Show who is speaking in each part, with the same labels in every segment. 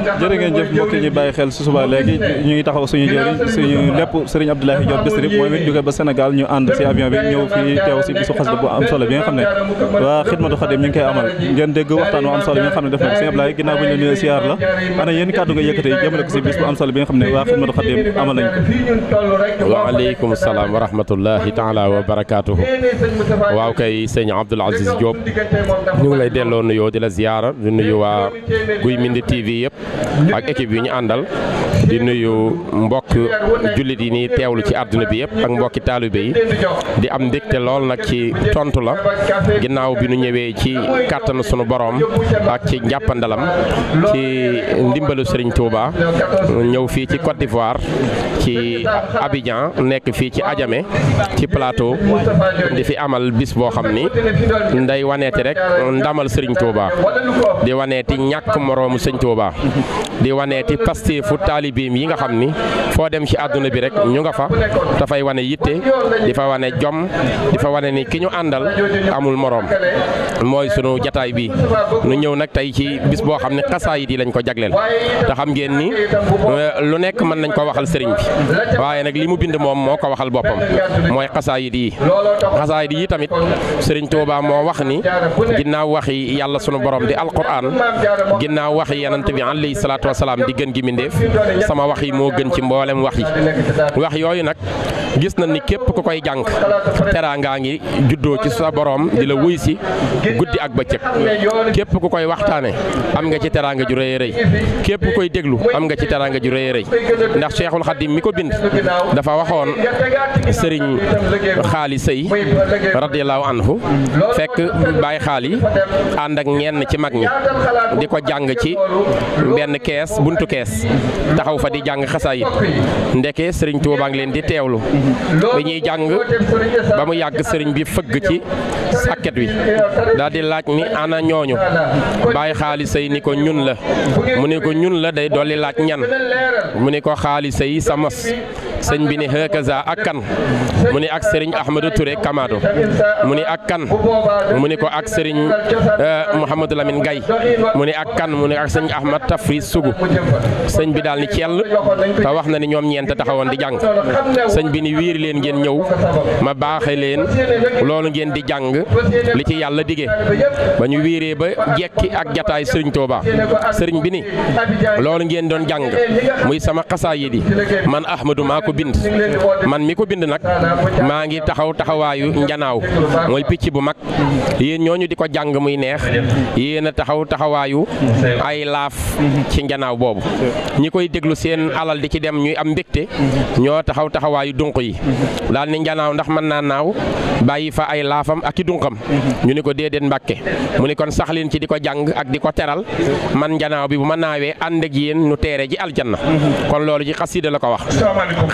Speaker 1: jërë ngeen jëf mbokk bàyyi xel su subaa léegi ñu ngi taxaw suñu jëriñ suñu lépp sëriñ Abdoulaye Diop Bichri moom it jóge ba Sénégal ñu ànd si avion bi ñëw fii teew si bisu xasida bu am solo bi nga xam ne waa xidmatu xadim ñu ngi koy amal ngeen dégg solo bi nga xam ne def na ko sëriñ Abdoulaye ginnaaw bu ñu nuyoo siyaar la ana yéen kàddu nga yëkkate jëmale ko si bis bu am solo bi nga waa xidmatu xadim amal ko waaw kay sëñ Abdoul Aziz Diop ñu ngi delloo delloo nuyoo di la ziyaara di nuyu waa Guy Mbind TV yëpp ak équipe yi ñu àndal di nuyu mbokk jullit yi ni teewlu ci àdduna bi yëpp ak mbokki taalibe yi di am ndégte lool nag ci tontu la ginnaaw bi nu ñëwee ci kàttanu sunu boroom ak ci njàppandalam ci ndimbalu Serigne Touba ñëw fii ci Côte d'Ivoire ci Abidjan nekk fii ci ajame ci plateau di fi amal bis boo xam ni nday waneeti rek ndamal sëriñ Touba di waneeti ñàkk moroomu Serigne Touba di waneeti pasteefu taalibeem yi nga xam ni foo dem ci àdduna bi rek ñu nga fa dafay wane yitte di fa wane jomm di fa wane ni ki ñu àndal amul moroom mooy sunu jataay bi nu ñëw nag tey ci bis boo xam ne xasaayit yi lañ ko jagleel te xam ngeen ni eh, lu nekk mën nañ ko waxal sëriñ bi waaye nag li mu bind moom moo ko waxal boppam mooy xasaayit yi xasaayit yi tamit sëriñ Tuuba moo wax ni ginnaaw waxi yàlla sunu boroom di alquran ginnaaw waxi yonent bi alayhi salaatu wasalaam di gën gi mindeef sama wax yi moo gën ci mboolem wax yi wax yooyu nag gis na ni képp ku koy jàng teraanga ngi juddoo ci sa borom di la wuy si guddi ak bëccëg képp ku koy waxtaane am nga ci teraanga ju rëy rëy képp ku koy déglu am nga ci teraanga ju rëy rëy ndax Cheikhul Khadim mi ko bind dafa waxoon sëriñ xaali sëy radiyallahu anhu fekk bàyyi xaali ànd ak ñenn ci mag ñi di ko jàng ci benn kees buntu kees taxaw fa di jàng xasaayit ndeke sëriñ Tuubaa leen di teewlu bi ñuy jàng ba mu yàgg sëriñ bi fëgg ci sàkket wi daal laaj ni ana ñooñu bàyyi xaalisa yi ni ko ñun la mu ne ko ñun la day dolli laaj ñan mu ne ko xaalisa yi sa mos sëñ bi ne hakaza ak kan mu ne ak sëriñ Ahmadou Touré Kamado mu ne ak kan mu ne ko ak sëriñ euh, Mouhamadou Lamine Gaye mu ne ak kan mu ne ak sëñ Ahmad Tafri Sugu sëñ bi daal ni ceel te wax na ni ñoom ñeent taxawoon di jàng sëñ bi ni wiir leen ngeen ñëw ma baaxe leen loolu ngeen di jàng li ci yàlla dige ba ñu wiiree ba jekki ak jataay sëriñ Touba sëriñ bi ni loolu ngeen doon jàng muy sama xasaa yi man Ahmadou maa ko ko bind man mi ko bind nag maa ngi taxaw taxawaayu njanaaw mooy picc bu mag yéen ñooñu di ko jàng muy neex yéen a taxaw taxawaayu ay laaf ci njanaaw boobu ñi koy déglu seen alal di ci dem ñuy am mbégte ñoo taxaw taxawaayu dunq yi daal ni njanaaw ndax mën naa naaw bàyyi fa ay laafam ak i dunqam ñu ni ko déedéet mbàkke mu ni kon sax leen ci di ko jàng ak di ko teral man njanaaw bi bu ma naawee ànd ak yéen nu teere ji aljanna kon loolu ji xasida la ko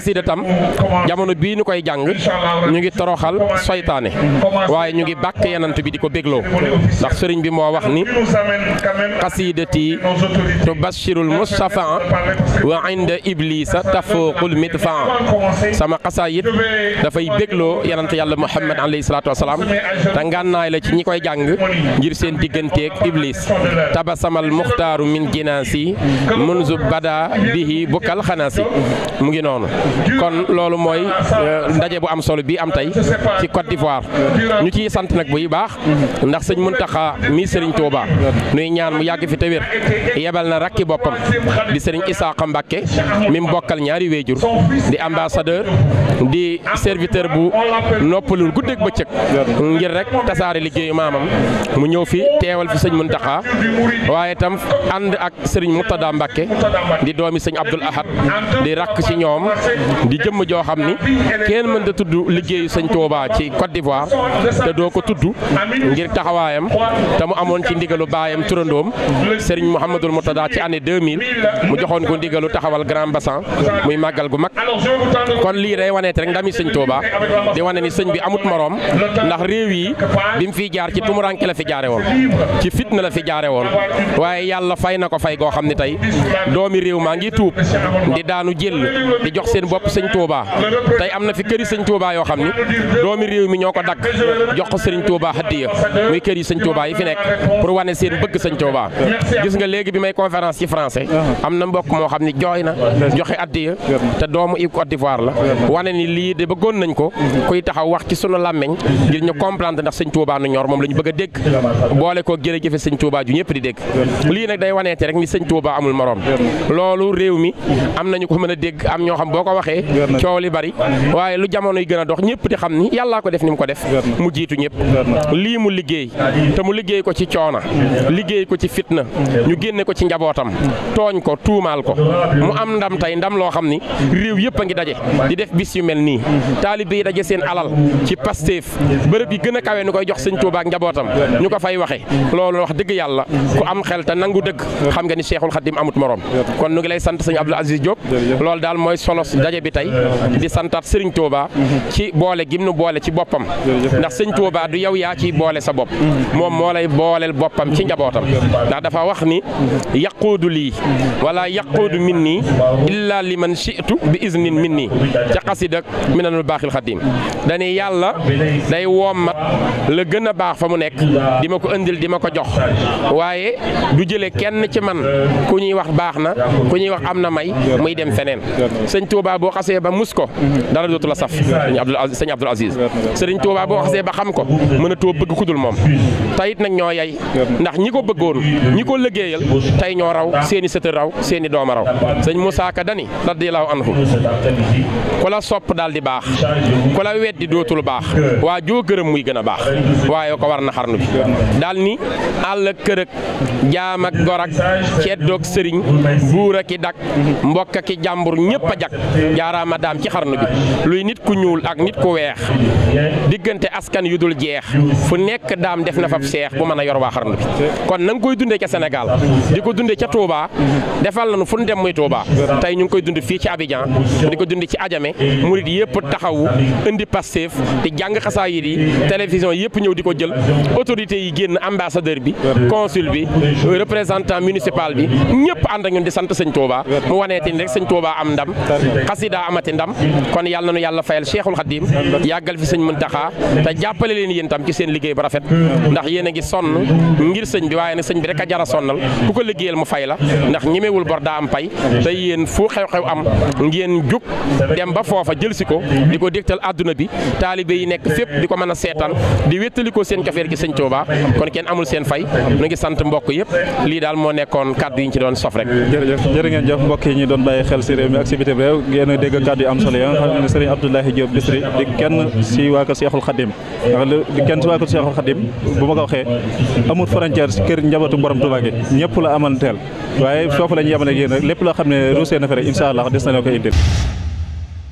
Speaker 1: xasida tam jamono bii nu koy jàng ñu ngi toroxal soytaane waaye ñu ngi bàkk yenant bi di ko bégloo ndax sëriñ bi moo wax ni xasidati tubashirul mustafaa wa inda iblisa tafuqul midfaa sama xasaayit dafay bégloo yenant yàlla muhammad alayhi salaatu wasalaam te ngànnaay la ci ñi koy jàng ngir seen digganteeg iblis tabasamal muxtaaru min jinaasi munzu bada bihi bukkal xanaasi mu ngi noonu kon loolu mooy euh, ndaje bu am solo bii am tey ci Côte d'Ivoire ñu ciy sant nag bu baax ndax sëñ Muntaxa mi sëriñ Touba nuy ñaan mu yàgg fi te wér yebal na rakki boppam di sëriñ Isaaxa Mbàkke mi mu bokkal ñaari wéejur di ambassadeur di serviteur bu noppalul guddeeg bëccëg ngir rek tasaare liggéeyu maamam mu ñëw fi teewal fi sëñ Muntaxa waaye tam ànd ak sëriñ Murtada Mbàkke di doomi sëñ Abdul Ahad di rakk ci ñoom di jëmm joo xam ni kenn mën da tudd liggéeyu sëñ Touba ci Côte d'Ivoire te doo ko tudd ngir taxawaayam te mu amoon ci ndigalu baayam turandoom sëriñ Mouhamadul Murtada ci année 2000 mu joxoon ko ndigalu taxawal Grand Bassin muy màggal gu mag kon lii day wane reconnaître rek ndami sëñ Touba di wane ni sëñ bi amut moroom ndax réew yi bi mu fiy jaar ci tumuraanke la fi jaare woon ci fitna la fi jaare woon waaye yàlla fay na ko fay goo xam ne tey doomi réew maa ngi tuub di daanu jël di jox seen bopp sëñ Touba tey am na fi këri sëñ Touba yoo xam ni doomi réew mi ñoo ko dagg jox ko sëriñ Touba hadiya muy kër yi sëñ Touba yi fi nekk pour wane seen bëgg sañ Touba gis nga léegi bi may conférence ci français am na mbokk moo xam ni jooy na la ni lii de bëggoon nañ ko kuy taxaw wax ci sunu làmmeñ ngir ñu comprendre ndax sëñ Touba nu ñor moom la ñu bëgg a dégg boole ko jërëjëfe sëñ Touba ju ñëpp di dégg lii nag day waneete rek ni sëñ Touba amul moroom loolu réew mi am nañu ko mën a dégg am ñoo xam boo ko waxee coow li bari waaye lu jamono yi gën a dox ñëpp di xam ni yàllaa ko def ni mu ko def mu jiitu ñëpp lii mu liggéey te mu liggéey ko ci coona liggéey ko ci fitna ñu génne ko ci njabootam tooñ ko tuumaal ko am ndam tey loo xam ni mel nii taalibe yi daje seen alal ci Pastef bërëb yi gën a kawe nu koy jox sëñ Tuubaa ak njabootam ñu ko fay waxe loolu wax dëgg yàlla ku am xel ta nangu dëgg xam nga ni Cheikhul Khadim amut morom kon nu ngi lay sant sëñ Abdou Aziz Diop loolu daal mooy solo daje bi tey di santaat sëriñ Tuubaa ci boole gim nu boole ci boppam ndax sëñ Tuubaa du yow yaa ciy boole sa bopp moom moo lay boolel boppam ci njabootam ndax dafa wax ni yaquudu lii wala yaquudu min nii illa ak minanul baaxil xadim dañuy yàlla day wommat la gën a baax fa mu nekk di ma ko indil di ma ko jox waaye du jële kenn ci man ku ñuy wax baax na ku ñuy wax am na may muy dem feneen sëñ Touba boo xasee ba mus ko dara dootu la saf sëñ Abdul Aziz sëriñ Touba boo xasee ba xam ko mën a bëgg ku dul moom tayit nag ñoo yay ndax ñi ko bëggoon ñi ko liggéeyal tey ñoo raw seeni sëtë raw seeni dooma raw sëñ Moussa Ka dani radiyallahu anhu topp daal di baax ku la di dootul baax waa joo gërëm muy gën a baax waaye ko war na xarnu bi daal ni àll kërëg jaam ak gor ak ceddoog sëriñ buur ak i dak mbokk ak i jàmbur ñépp a jak jaaraama daam ci xarnu bi luy nit ku ñuul ak nit ku weex diggante askan yu dul jeex fu nekk daam def na fab seex bu mën a yor waa xarnu bi kon na koy dunde ca senegal di ko dundee ca Touba defal nañu fu ñu dem muy Touba tey ñu ngi koy dund fii ci Abidjan di ko dund murit yëpp taxawu indi Pastef di jàng xasaayid yi télévision yëpp ñëw di ko jël autorité yi génn ambassadeur bi consul bi représentant municipal bi ñëpp ànd ak ñun di sant sëñ Touba mu waneeti rek sëñ Touba am ndam xasida amati ndam kon yàlla na nu yàlla fayal Cheikhul Khadim yàggal fi sëñ Muntaxa te jàppale leen yéen tam ci seen liggéey bu rafet ndax yéen a ngi sonn ngir sëñ bi waaye nag sëñ bi rek a jara sonnal ku ko liggéeyal mu fay la ndax ñemewul jël si ko di ko dégtal àdduna bi taalibe yi nekk fépp di ko mën a seetaan di wéttali ko seen cofeer gi sëñ Touba kon kenn amul seen fay nu ngi sant mbokk yëpp lii daal moo nekkoon kàddu yi ci doon sof rek. jërëjëf jërë ngeen jëf ñu doon bàyyi xel si réew mi ak si bitim réew ngeen dégg kàddu yi am solo yoo xam ne Serigne Abdoulaye di kenn si waa ko Seexul Xadim ndax di kenn si waa ko Seexul Xadim bu ma ko waxee amul frontière si kër njabootu borom Touba gi ñëpp la amanteel waaye foofu la ñu yemale yéen lépp loo xam ne ruusee na fa rek incha allah des